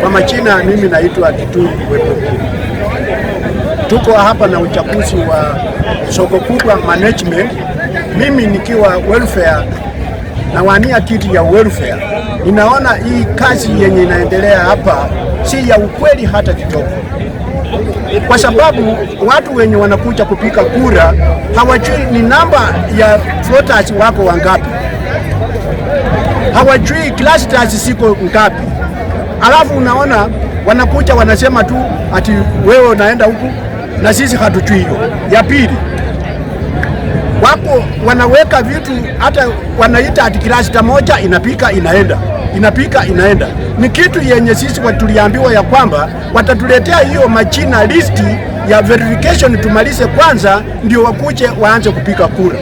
Kwa majina, mimi naitwa Kitui Wepo. Tuko hapa na uchaguzi wa soko kubwa management, mimi nikiwa welfare wania kiti ya welfare. Ninaona hii kazi yenye inaendelea hapa si ya ukweli hata kidogo, kwa sababu watu wenye wanakuja kupiga kura hawajui ni namba ya voters wako wangapi, hawajui clusters ziko ngapi alafu unaona wanakucha wanasema tu ati wewe unaenda huku na sisi hatujui hiyo. Ya pili, wako wanaweka vitu hata wanaita ati kilasi moja inapika inaenda inapika inaenda. Ni kitu yenye sisi tuliambiwa ya kwamba watatuletea hiyo machina listi ya verification tumalize kwanza, ndio wakuche waanze kupika kura.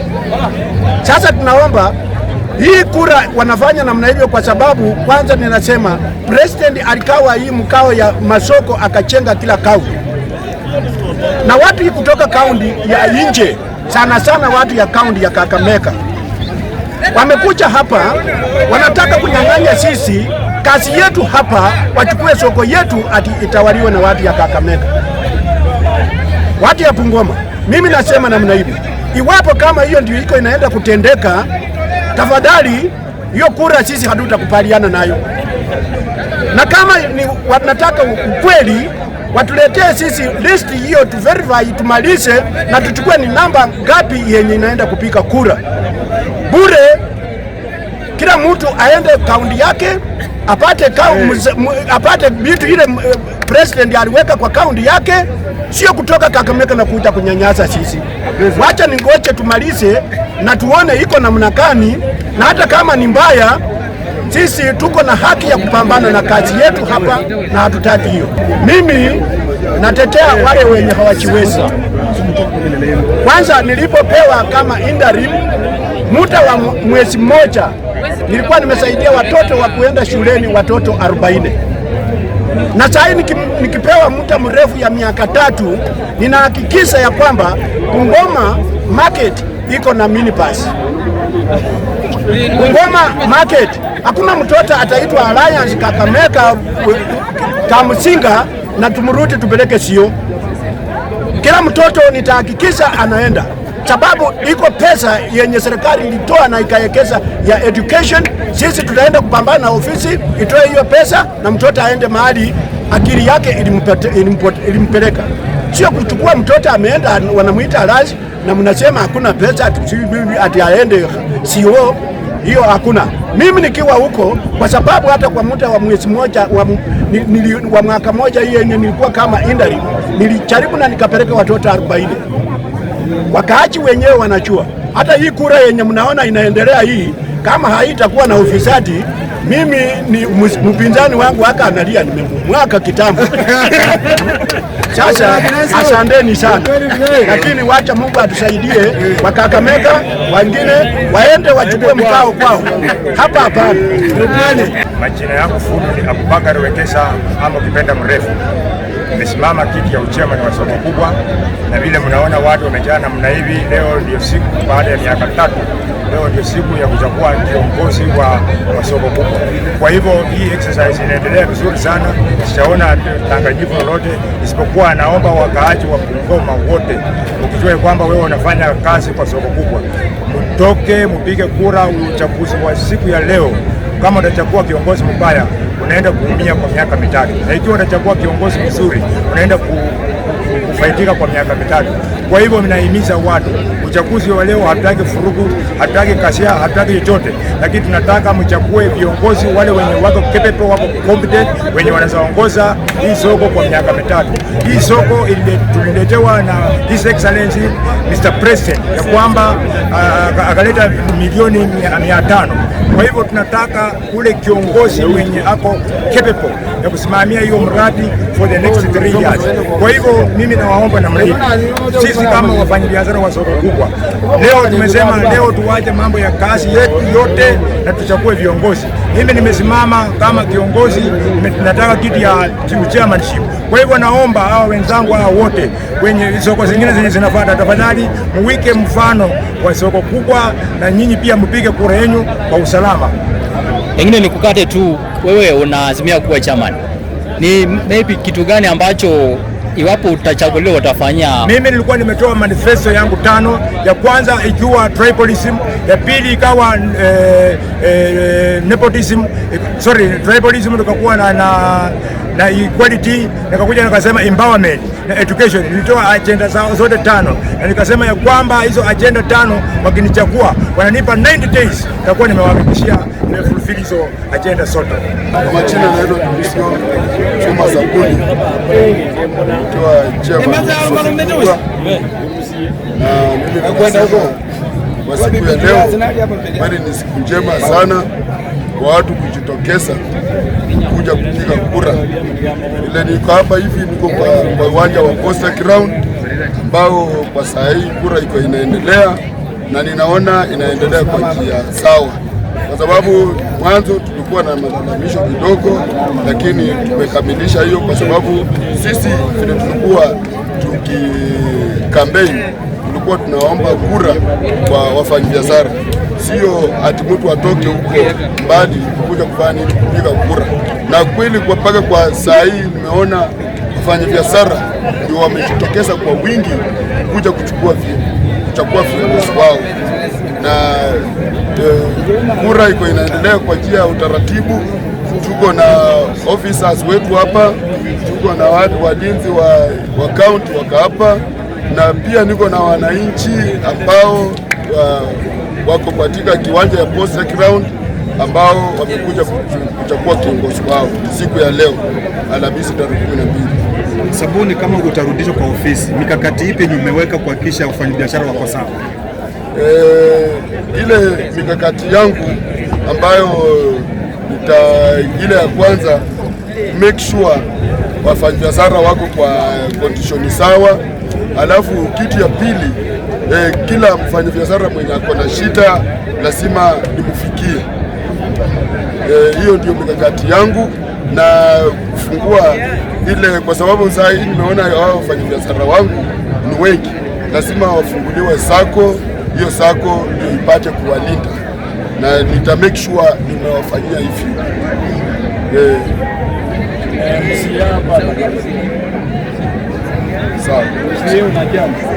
Sasa tunaomba hii kura wanafanya namna hivyo kwa sababu kwanza, ninasema president alikawa hii mkao ya masoko akachenga kila kaunti na watu kutoka kaunti ya nje, sana sana watu ya kaunti ya Kakamega wamekuja hapa, wanataka kunyang'anya sisi kazi yetu hapa, wachukue soko yetu ati itawaliwe na watu ya Kakamega, watu ya Bungoma. Mimi nasema namna hivi, iwapo kama hiyo ndio iko inaenda kutendeka Tafadhali hiyo kura sisi hatutakubaliana nayo, na kama ni wanataka ukweli watuletee sisi listi hiyo tu verify tumalize, na tuchukue ni namba ngapi yenye inaenda kupiga kura bure. Kila mtu aende kaunti yake apate kaunti, eh. apate vitu ile eh, president aliweka kwa kaunti yake, sio kutoka Kakamega na kuja kunyanyasa sisi. Wacha ningoje tumalize na tuone iko namna gani, na hata kama ni mbaya, sisi tuko na haki ya kupambana na kazi yetu hapa, na hatutaki hiyo. Mimi natetea wale wenye hawachiwezi. Kwanza nilipopewa kama interim muda wa mwezi mmoja, nilikuwa nimesaidia watoto wa kuenda shuleni, watoto 40 na saa hii nikipewa muda mrefu ya miaka tatu, ninahakikisha ya kwamba Bungoma market iko na pass. Bungoma market. Hakuna mtoto ataitwa Alliance Kakamega Kamusinga na tumrudi tupeleke sio. Kila mtoto nitahakikisha anaenda, sababu iko pesa yenye serikali ilitoa na ikaekeza ya education. Sisi tutaenda kupambana na ofisi itoe hiyo pesa na mtoto aende mahali akili yake ilimpeleka sio kuchukua mtoto ameenda, wanamuita lazi na mnasema hakuna pesa ati, ati aende sio e hiyo hakuna. Mimi nikiwa huko, kwa sababu hata kwa muda wa mwezi mmoja wa, nili, wa mwaka mmoja hiyo yenye nilikuwa kama indari, nilijaribu na nikapeleka watoto 40. wakaachi wenyewe wanachua hata hii kura yenye mnaona inaendelea hii kama haitakuwa na ufisadi, mimi ni mpinzani wangu aka analia, nimemwaka kitambo. Sasa asanteni sana, lakini wacha Mungu atusaidie. Wakakamega wengine waende wachukue mkao kwao, hapa hapana. Majina yangu fupi Abubakar Wekesa ama kipenda mrefu nimesimama kiti ya uchema wa soko kubwa, na vile mnaona watu wamejaa namna hivi. Leo ndio siku baada ya miaka tatu, leo ndio siku ya kuchagua kiongozi wa soko kubwa. Kwa hivyo hii exercise inaendelea vizuri sana, sijaona tanganyifu lolote, isipokuwa naomba wakaaji wa Bungoma wote, ukijua kwamba wewe unafanya kazi kwa soko kubwa mtoke mpige kura. Uchaguzi wa siku ya leo, kama utachagua kiongozi mbaya, unaenda kuumia kwa miaka mitatu, na ikiwa utachagua kiongozi mzuri, unaenda kufaidika kwa miaka mitatu. Kwa hivyo ninahimiza watu, uchaguzi wa leo hatutaki furugu, hatutaki kasia, hatutaki chochote, lakini tunataka mchague viongozi wale wenye wako capable, wako competent, wenye wanazaongoza hii soko kwa miaka mitatu. Hii soko tuliletewa na His Excellency Mr President ya kwamba ah, ah, akaleta milioni mia tano kwa hivyo tunataka ule kiongozi mwenye ako capable ya kusimamia hiyo mradi for the next 3 years. Kwa hivyo mimi nawaomba namna hii, sisi kama wafanyabiashara wa soko kubwa, leo tumesema leo tuwache mambo ya kazi yetu yote na tuchague viongozi mimi nimesimama kama kiongozi, nataka kiti ya chairmanship. Kwa hivyo naomba hawa wenzangu hawa wote kwenye soko zingine zenye zinafuata, tafadhali muwike mfano kwa soko kubwa, na nyinyi pia mpige kura yenu kwa usalama. Pengine nikukate tu, wewe unaazimia kuwa chairman, ni maybe kitu gani ambacho iwapo utachaguliwa utafanya. Mimi nilikuwa nimetoa manifesto yangu tano, ya kwanza ikiwa tribalism, ya pili ikawa eh, eh, nepotism, eh, sorry tribalism, tukakuwa na, na, na equality, nikakuja nikasema empowerment education. Nilitoa ajenda zao zote tano na nikasema ya kwamba hizo ajenda tano wakinichagua wananipa 90 days, takuwa nimewahakikishia nimefulfill hizo ajenda zote. Kwa majina naitwa Dumisio Chuma Sabuni, toa na mimi nakwenda huko kwa siku ya leo, bali ni siku njema sana kwa watu kujitokeza kuja kupiga kura. Ile niko hapa hivi, niko kwa uwanja wa Costa Ground ambao kwa saa hii kura iko inaendelea, na ninaona inaendelea kwa njia sawa, kwa sababu mwanzo tulikuwa na malalamisho kidogo, lakini tumekamilisha hiyo, kwa sababu sisi vile tulikuwa tukikampeni tulikuwa tunaomba kura kwa wafanyabiashara sio ati mtu atoke huko mbali kuja kufanya nini, kupiga kura. Na kweli kwa mpaka kwa saa hii nimeona biashara ndio wamejitokeza kwa wingi kuja kuchukua kuchagua viongozi wao, na eh, kura iko inaendelea kwa njia ya utaratibu. Tuko na officers wetu hapa, tuko na walinzi wa, wa kaunti waka hapa, na pia niko na wananchi ambao wa, wako katika kiwanja ya Posta Ground ambao wamekuja kuchagua kiongozi wao siku ya leo Alhamisi tarehe 12. Sabuni, kama utarudishwa kwa ofisi, mikakati ipi nimeweka kuhakikisha wafanyabiashara wako sawa? Eh, ile mikakati yangu ambayo nita eh, ile ya kwanza make sure wafanyabiashara wako kwa kondishoni sawa, alafu kitu ya pili eh, kila mfanyabiashara mwenye ako na shida lazima nimfikie. Eh, hiyo ndio mikakati yangu na kufungua ile, kwa sababu saa hii nimeona hao wafanyabiashara wangu ni wengi, lazima wafunguliwe sako. Hiyo sako ndio ipate kuwalinda na nita make sure nimewafanyia hivi eh. eh Sawa.